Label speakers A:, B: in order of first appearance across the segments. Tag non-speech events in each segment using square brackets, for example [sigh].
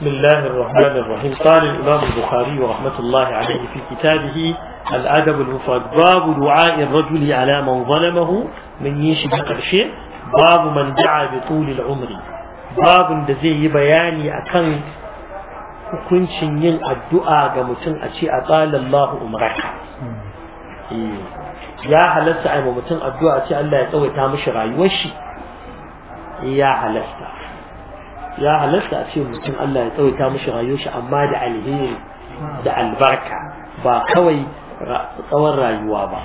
A: بسم الله الرحمن الرحيم قال الإمام البخاري ورحمة الله عليه في كتابه الأدب المفرد باب دعاء الرجل على من ظلمه من يشي بقرشه باب من دعا بطول العمر باب دزي بياني أكن كن شنين الدعاء كمتن أشي أطال الله أمرك إيه. يا حلست أي ممتن الدعاء أشي الله يتوي تامش رأي وشي يا حلست يا علاش شي ممكن الله يطوي تا مشي غيوش اما دا الهير دا البركة باكوي قوي يوابا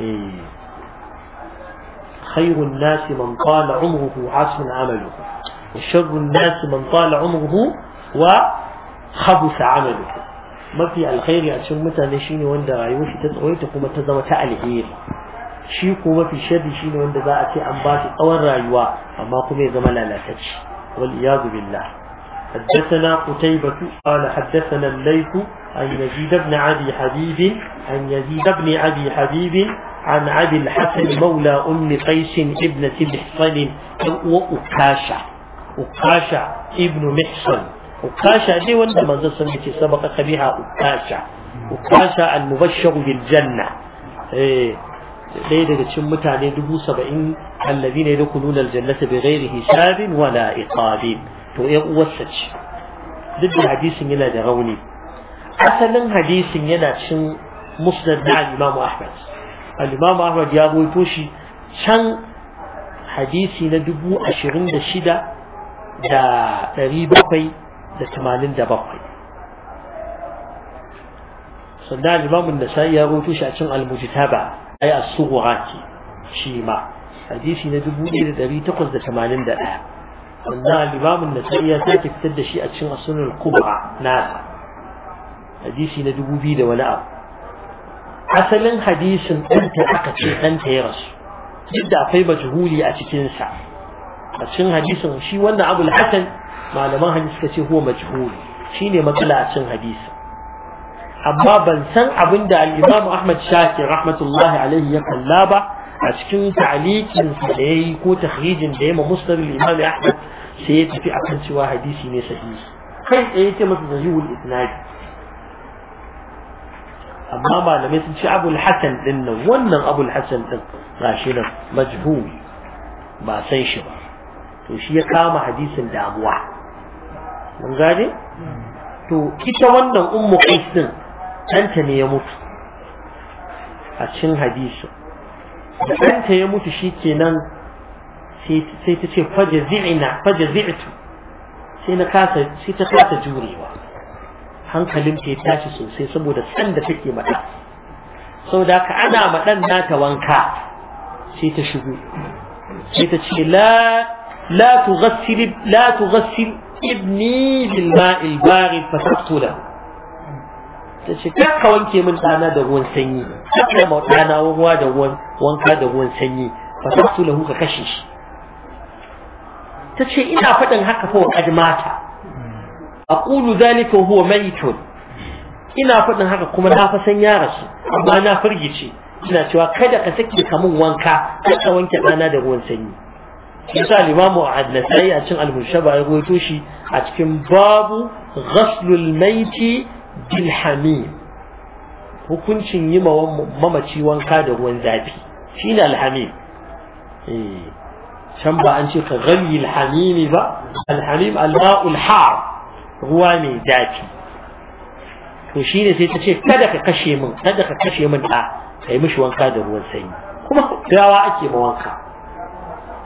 A: إيه. خير الناس من طال عمره وحسن عمله وشر الناس من طال عمره وخبث عمله ما في الخير عشان متى نشيني وين دا غيوش تتوي تقوم تزوى تا شيكو شيء قوة في شد شيء وين دا ذا أتي أمباش طور رايوا أما قومي زمان لا تشي والعياذ بالله حدثنا قتيبة قال حدثنا الليث عن يزيد بن عدي حبيب عن يزيد بن عدي حبيب عن أبي الحسن مولى أم قيس ابنة محصن وأكاشع أكاشع ابن محصن أكاشع دي وانت ما زلت سبقك بها أكاشع أكاشع المبشر بالجنة إيه ɗaya daga cikin mutane dubu saba'in allazi ne da kulunar jannata bi ghairi hisabin wala iqabin to ƴan uwarsa ce duk da hadisin yana da rauni asalin hadisin yana cin musnad na Imam Ahmad al-Imam Ahmad ya rawaito shi can hadisi na dubu ashirin da shida da ɗari bakwai da tamanin da bakwai sannan al-Imam Nasa'i ya rawaito shi a cin al-Mujtaba أي الصغرى شيما حديثي ندبو إلى دبي تقصد كمالين دلها قلنا الإمام النسائي ذات ابتدى شيء أتشن السنن الكبرى ناسا نعم. حديثي ندبو في ولا أب أصلا حديث أنت أكتشي أنت يرسو duk da akwai majhuli a cikin sa a cikin hadisin shi wannan abul hasan malaman hadisi suka ce huwa majhul shine matsala a cikin hadisi amma ban san abin da al-Imam Ahmad Shakir rahmatullahi alaihi ya kalla ba a cikin ta'liqin da yayi ko tahrijin da yayi ma Musnad al-Imam Ahmad sai ya tafi akan cewa hadisi ne sahihi kai tsaye ce masa sahihul isnad amma malamai sun ce Abul Hasan din nan wannan Abul Hasan din gashi nan majhul ba san shi ba to shi ya kama hadisin damuwa mun gane to ita wannan ummu qais din ɗanta ne ya mutu a cikin hadisi da ɗanta ya mutu shi kenan sai ta ce faje zi'ina faje zi'tu sai na kasa sai ta kasa jurewa hankalin ta ya tashi sosai saboda san da take mata saboda ka ana maɗan nata wanka sai ta shigo sai ta ce la لا تغسل لا تغسل ابني بالماء البارد فتقتله ta ce ka wanke min ɗana da ruwan sanyi ka ma dana ruwa da ruwan wanka da ruwan sanyi fa ta su lahu ka kashe shi ta ce ina faɗin haka fa wa mata aqulu zalika huwa maytun ina faɗin haka kuma na fa san ya rasu amma na firgice ina cewa kada ka sake ka min wanka kada ka wanke ɗana da ruwan sanyi yasa limamu an-nasai a cikin al-mushaba ya goyito shi a cikin babu ghaslul mayti bilhami hukuncin yi mamaci wanka da ruwan zafi shi ne alhamim eh, can ba an ce ka gami alhamimi ba alhamim alma'ul ruwa mai zafi to shi ne sai ta ce kada ka kashe min kada ka kashe min ɗa ka yi mishi wanka da ruwan sanyi kuma gawa ake ma wanka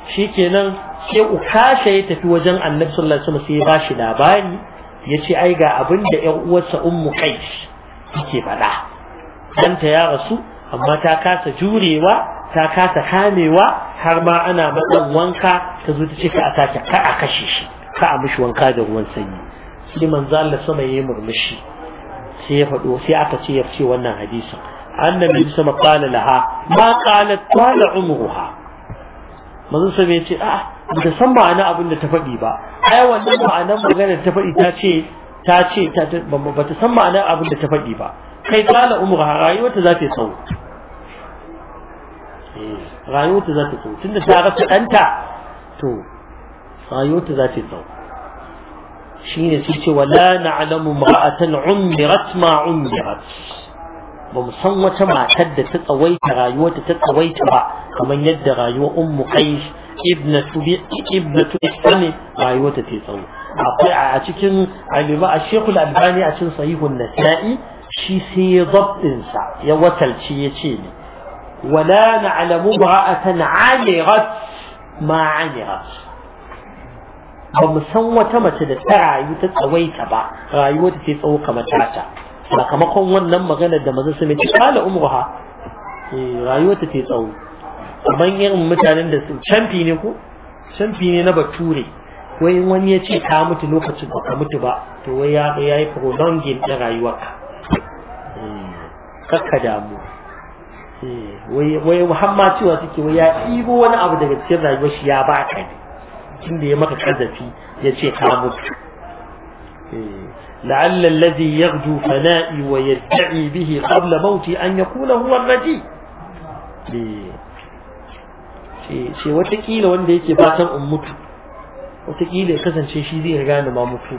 A: Shi kenan sai ukasha ya tafi wajen annabi sallallahu alaihi wasallam sai ya bashi labari Ya ce ai ga abin da ƴan uwarsa ummu kais take faɗa danta ya rasu amma ta kasa jurewa ta kasa kamewa har ma ana madan wanka ta zo ta ce ka a ta ka a kashe shi ka a mishi wanka da ruwan sanyi sai manzo Allah sama yayi murmushi sai ya faɗo sai aka ce ya ce wannan hadisin annabi sama qala laha ma qalat qala umruha manzon sa ya ce a'a da san ma'ana abin da ta faɗi ba ai wannan ma'anar maganar ta faɗi ta ce ta ce ba ta san ma'anar abin da ta faɗi ba kai kala umra rayuwarta za ta yi tsawo eh, rayuwarta za ta tsawo tunda ta rasa ɗanta to rayuwarta za ta yi tsawo shine sai ce wala na'lamu mar'atan ummirat ma ummirat ba mu san wata matar da ta tsawaita rayuwarta ta tsawaita ba kamar yadda rayuwar ummu qais ibnatu ibnatu islami rayuwarta ta tsawo akwai a cikin alima a shekul albani a cikin sahihun nasa'i shi sai ya zabbin sa ya watalci ya ce ne wala na'lamu ra'atan 'alirat ma 'alirat ba mu san wata mace da ta rayu ta tsawaita ba rayuwarta ta tsawo kamar tata sakamakon wannan maganar da mazan su mace kala umruha eh, rayuwar ta ce tsawo kamar irin mutanen da su canfi ne ko canfi ne na bature wai wani ya ce ka mutu lokacin ba ka mutu ba to wai ya yi prolonging na ka eh, kakka damu eh, wai muhamma cewa suke wai ya ɗigo wani abu daga cikin rayuwar shi ya ba ka ne tun ya maka kazafi ya ce ka mutu لعل الذي يغدو فنائي ويدعي به قبل موتي أن يكون هو الرجي شيء وتكيل وانديك باتا أمتو وتكيل قسن شيء شيء ذي رجان ما متو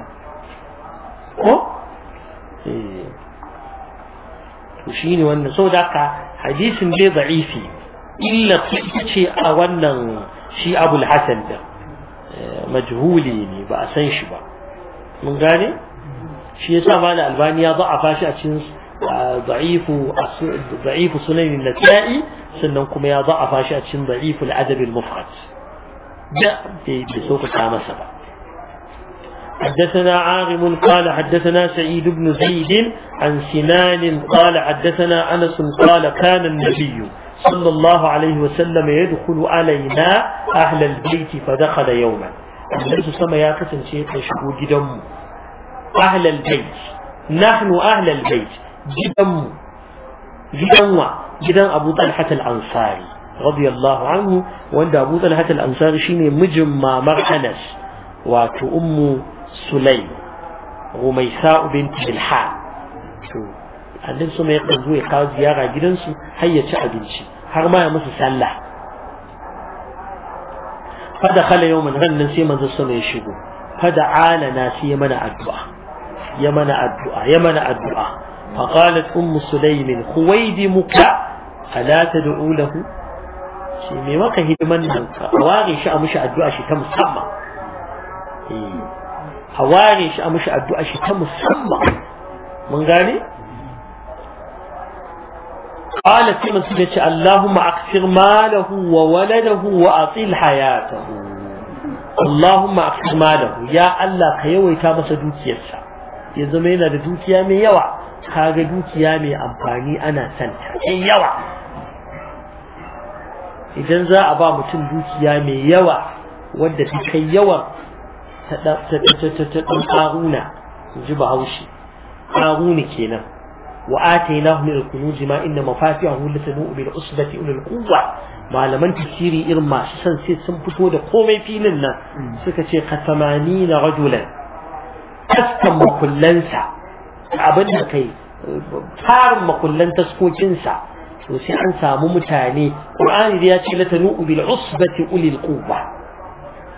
A: أو إيه. وشيني وان سو داكا حديث لي ضعيفي إلا تكيشي أولا شي أبو الحسن ده إيه، مجهولي بأسنشبه من قاني؟ شيء yasa mali albani ya za'afa shi ضعيف ضعيف سنين النسائي سنن يا ضعف فاشا تشن ضعيف العدب المفرد جاء في بسوق كام سبع حدثنا عاغم قال حدثنا سعيد بن زيد عن سنان قال حدثنا أنس قال كان النبي صلى الله عليه وسلم يدخل علينا أهل البيت فدخل يوما أنس سما يا قسم شيخ يشكو جدمه أهل البيت نحن أهل البيت جدم جدم جدم أبو طلحة الأنصاري رضي الله عنه وأن أبو طلحة الأنصاري شيني مجمع مرحنس واتو أم سليم غميساء بنت بلحاء عندن سو ماي قزو يا قاو زياره هيا تشا ابنشي هر ما يا مس سله فدخل يوما غنن سي من زو سو ما يشغو فدعانا سي يمنع الدعاء يمنع الدعاء فقالت أم سليم خويد مكا ألا تدعو له شي مي مكا هدمان ننكا أواغي شاء مش الدعاء شي تم سمع أواغي شاء مش الدعاء شي تم سمع من غاني قالت من سليم اللهم أكثر ماله وولده وأطيل حياته اللهم أكثر ماله يا الله كيوي تامس دوتي السعر ya zama yana da dukiya mai yawa kaga dukiya mai amfani ana santa in yawa idan za a ba mutum dukiya mai yawa wadda ta kai yawan ta ɗan ƙaruna ji bahaushe ƙaruni kenan wa atainahu min al-kunuzi ma inna mafatihahu latanu bil usbati ulil quwwa malaman tafsiri irin masu san sai sun fito da komai filin nan suka ce ka 80 rajulan taskan makullansa abin da kai tarin makullan taskokinsa to sai an samu mutane qur'ani da ya ce la tanu'u bil usbati ulil quwwa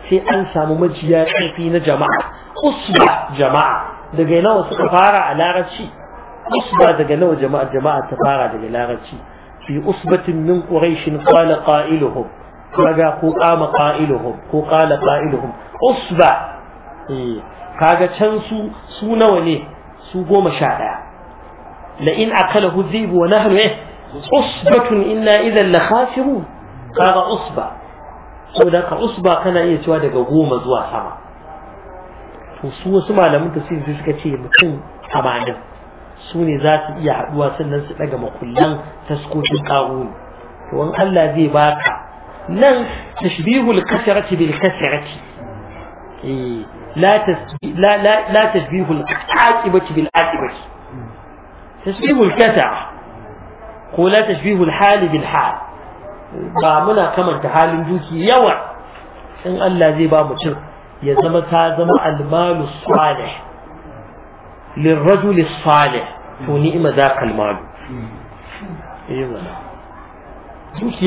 A: sai an samu majiya ƙarfi na jama'a usba jama'a daga nawa suka fara a larabci usba daga nawa jama'a jama'a ta fara daga larabci fi usbatin min quraish qala qailuhum kaga ko qama qailuhum ko qala qailuhum usba kaga can su su nawa ne su goma sha ɗaya la in kala dhibu wa nahnu eh usbatun inna idan la khasirun kaga usba saboda ka usba kana iya cewa daga goma zuwa sama to su wasu malaman tafsiri sai suka ce mutum tamanin su ne za su iya haɗuwa sannan su ɗaga makullan taskokin ƙaruni to in Allah zai baka nan tashbihul kasarati bil kasarati لا تشبيه العاقبة بالعاقبة تشبيه الكتع ko la tashbihu al-hal ba muna kamanta halin duki yawa in Allah zai ba mutum ya zama ta zama al-malu salih lirrajul salih to ni'ma zaka al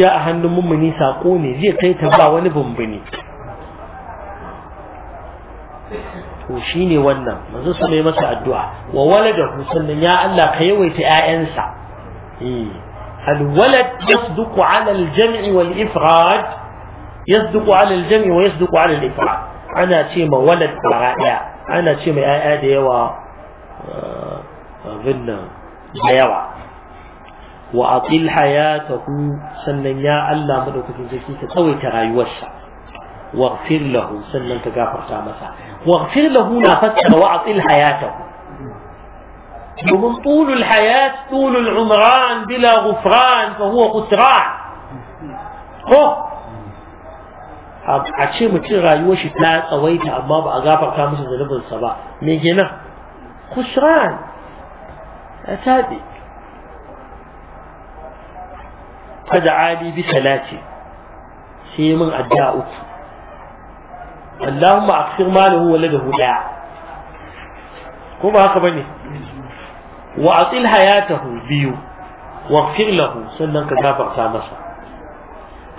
A: a hannun mummuni ne zai kai ta ba wani bumbuni to shine wannan manzo sai mai masa addu'a wa waladahu sannan ya Allah ka yawaita ƴaƴansa eh al walad yasduqu ala al jam' wal ifrad yasduqu ala al jam' wa yasduqu ala al-ifrad ana ce ma walad bara daya ana ce ma ƴaƴa da yawa binna da yawa wa atil hayatuhu sannan ya Allah madaukakin sarki ka tsawaita rayuwarsa واغفر له سنن تغفر تامسا واغفر له نافسه واعطل حياته ومن طول الحياة طول العمران بلا غفران فهو خسران هو أشي متي رأي وش تات أويت أما بأغفر تامسا ذنب الصبا ميجنا خسران أتادي فدعاني بثلاثة سيمن أدعوك اللهم اكثر ماله ولده daya كما هكا بني bane حياته atil واغفر له سنن كذابر تامسا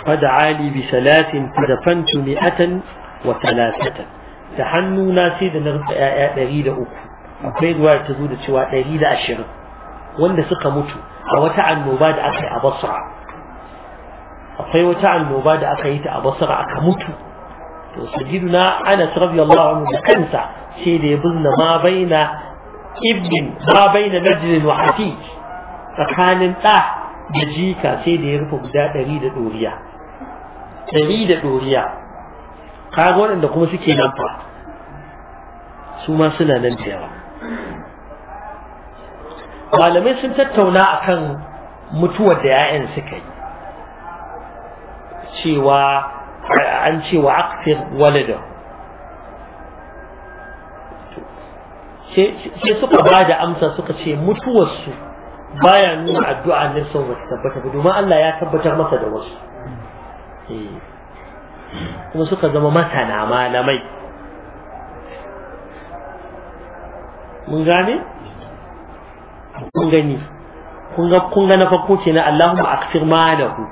A: فدعا لي بثلاث فدفنت مئة وثلاثة تحنو ناسي دا نغفى آيات دريد أكو أكوين رواية تزود سوى دريد أشر وان سقى متو أو تعن مباد أكي أبصر أكوين وتعن مباد أكي أبصر أكي متو to sayyiduna Anas radiyallahu anhu da kansa sai da ya binne ma baina ibn ma baina najlin wa hafiz tsakanin da da jika sai da ya rufe guda ɗari da ɗoriya ɗari da ɗoriya kaga waɗanda kuma suke nan fa su ma suna nan da yawa malamai sun tattauna akan mutuwar da 'ya'yan suka yi cewa an ce wa aqsir walada sai suka ba da amsa suka ce mutuwarsu baya nuna addu'a ne sun ba tabbata ba domin Allah ya tabbatar masa da wasu eh. kuma suka zama masana malamai mun gane kun gani kun ga na farko ce na Allahumma aqsir malahu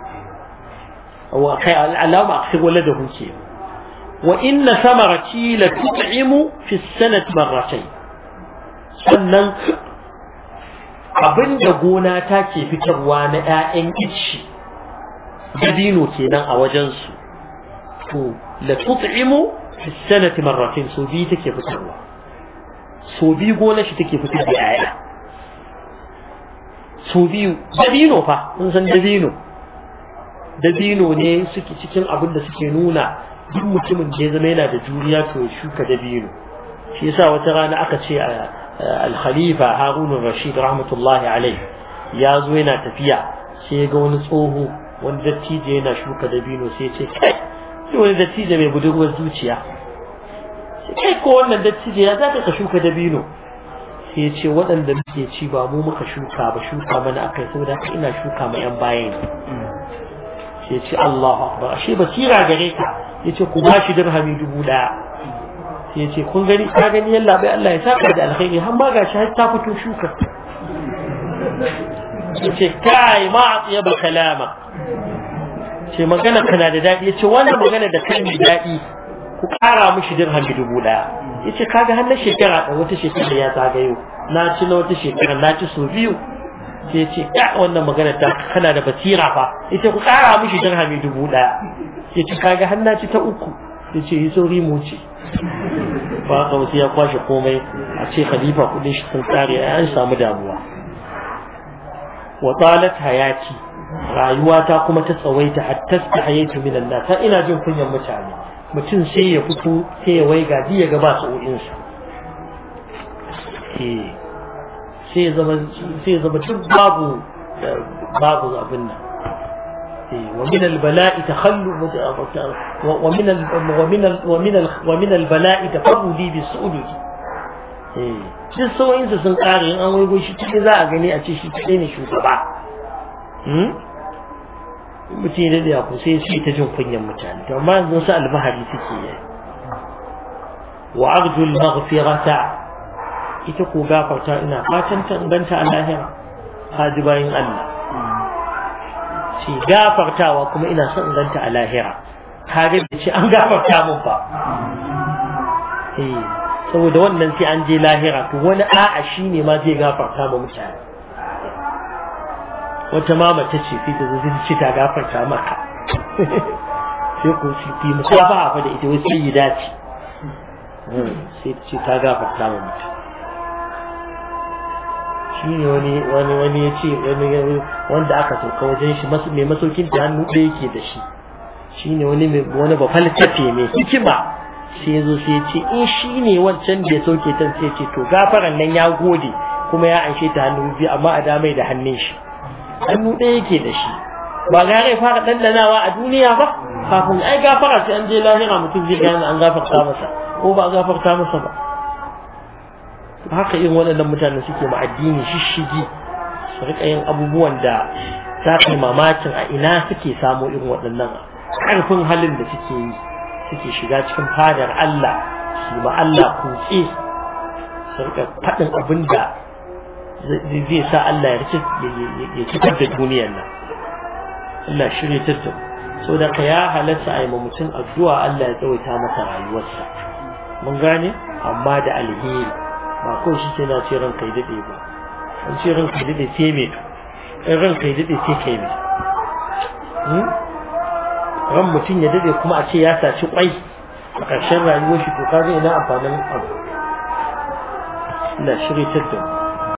A: العلامة أقصد ولده كيف وإن ثمرتي لتطعم في السنة مرتين سنن أبن دقونا تاكي في تروان آئن إتشي جدينو كينا أوجنس لتطعم في السنة مرتين سوبي تكي في تروان سوبي قولا شتكي في تروان سوبي جدينو فا نسان جدينو dabino ne suke cikin abin da suke nuna duk mutumin da ya zama yana da juriya to ya shuka dabino shi yasa wata rana aka ce al-khalifa harun rashid rahmatullahi alaihi ya zo yana tafiya sai ga wani tsoho wani dattijo yana shuka dabino sai ya ce kai wani dattijo mai budurwar zuciya kai ko wannan dattijo ya zaka ka shuka dabino sai ya ce waɗanda muke ci ba mu muka shuka ba shuka mana akai saboda ina shuka ma yan bayan sai ce Allahu akbar ba basira gare ka yace ku bashi dirhami dubu ɗaya. yace kun gani ka gani yalla bai Allah ya saka da alkhairi har ma gashi har ta fito shuka yace kai ma ya ba kalama
B: ce magana kana
A: da dadi yace wannan magana da kai mai dadi ku kara mishi dirhami dubu daya yace kaga har na shekara wata shekara ya zagayo na ci na wata shekara na ci so biyu sai ce ya wannan magana ta kana da basira fa ita ku kara mishi dirhami dubu daya yace kaga hannaci ta uku yace yi sauri mu ce ba kawai ya kwashe komai a ce khalifa kudin shi sun tsare an samu damuwa wa talat hayati rayuwata kuma ta tsawaita hatta hayatu minan ta ina jin kunyan mutane mutum sai ya fito sai ya waiga ya ga ba في زمن في زمن بابو بابو ظابنا ومن البلاء تخل ومن ومن ومن ومن البلاء تقبلي بالسؤل إيه شو سوين سن كارين أنا أقول شو تيجي ذا أغني أتشي تيجي شو سبعة هم متين اللي أبو سي سي تجون فيني مكان كمان نسأل ما هذي تيجي وعبد المغفرة ita ko gafarta ina fatan ta inganta a lahira haji bayin Allah ce gafartawa kuma ina son inganta a lahira kare da ce an gafarta mun ba eh, saboda wannan sai an je lahira to wani a'a shine ma zai gafarta ma mutane wata ma mace ce sai ta zai ci ta gafarta maka [laughs] sai ku shi ti mu ba fa da ita wai sai yi dace hmm, sai ci ce ta gafarta ma mutane shine wani wani wani ya ce wani wanda aka sauka wajen shi mai masaukin da hannu ɗaya yake da shi shine wani wani ba mai hikima sai ya zo sai ya ce in eh, shi ne wancan da ya sauke ta sai ya ce to gafaran nan ya gode kuma ya anshe ta hannu biyu amma a damai da hannun shi hannu ɗaya yake da shi ba ga rai fara ɗanɗanawa a duniya ba kafin ai gafara sai an je lahira mutum zai gane an gafarta masa ko ba a gafarta masa ba haka irin waɗannan mutanen suke ma addini shishigi su rika yin abubuwan da za ka mamakin a ina suke samo irin waɗannan ƙarfin halin da suke yi suke shiga cikin fadar Allah su ma Allah kutse su rika faɗin abin da zai sa Allah ya cikin da duniyar nan Allah shirya tattab sau da ka ya halatta a yi mutum addu'a Allah ya tsawaita masa rayuwarsa mun gane amma da alheri ba ko shi ke na ce ran yi daɗe ba an ce ran kai daɗe sai me to in ran yi daɗe ce kai me hmm? ran mutum ya daɗe kuma a ce ya saci kwai a ƙarshen rayuwar shi to kaga ina amfanin abu na shirya da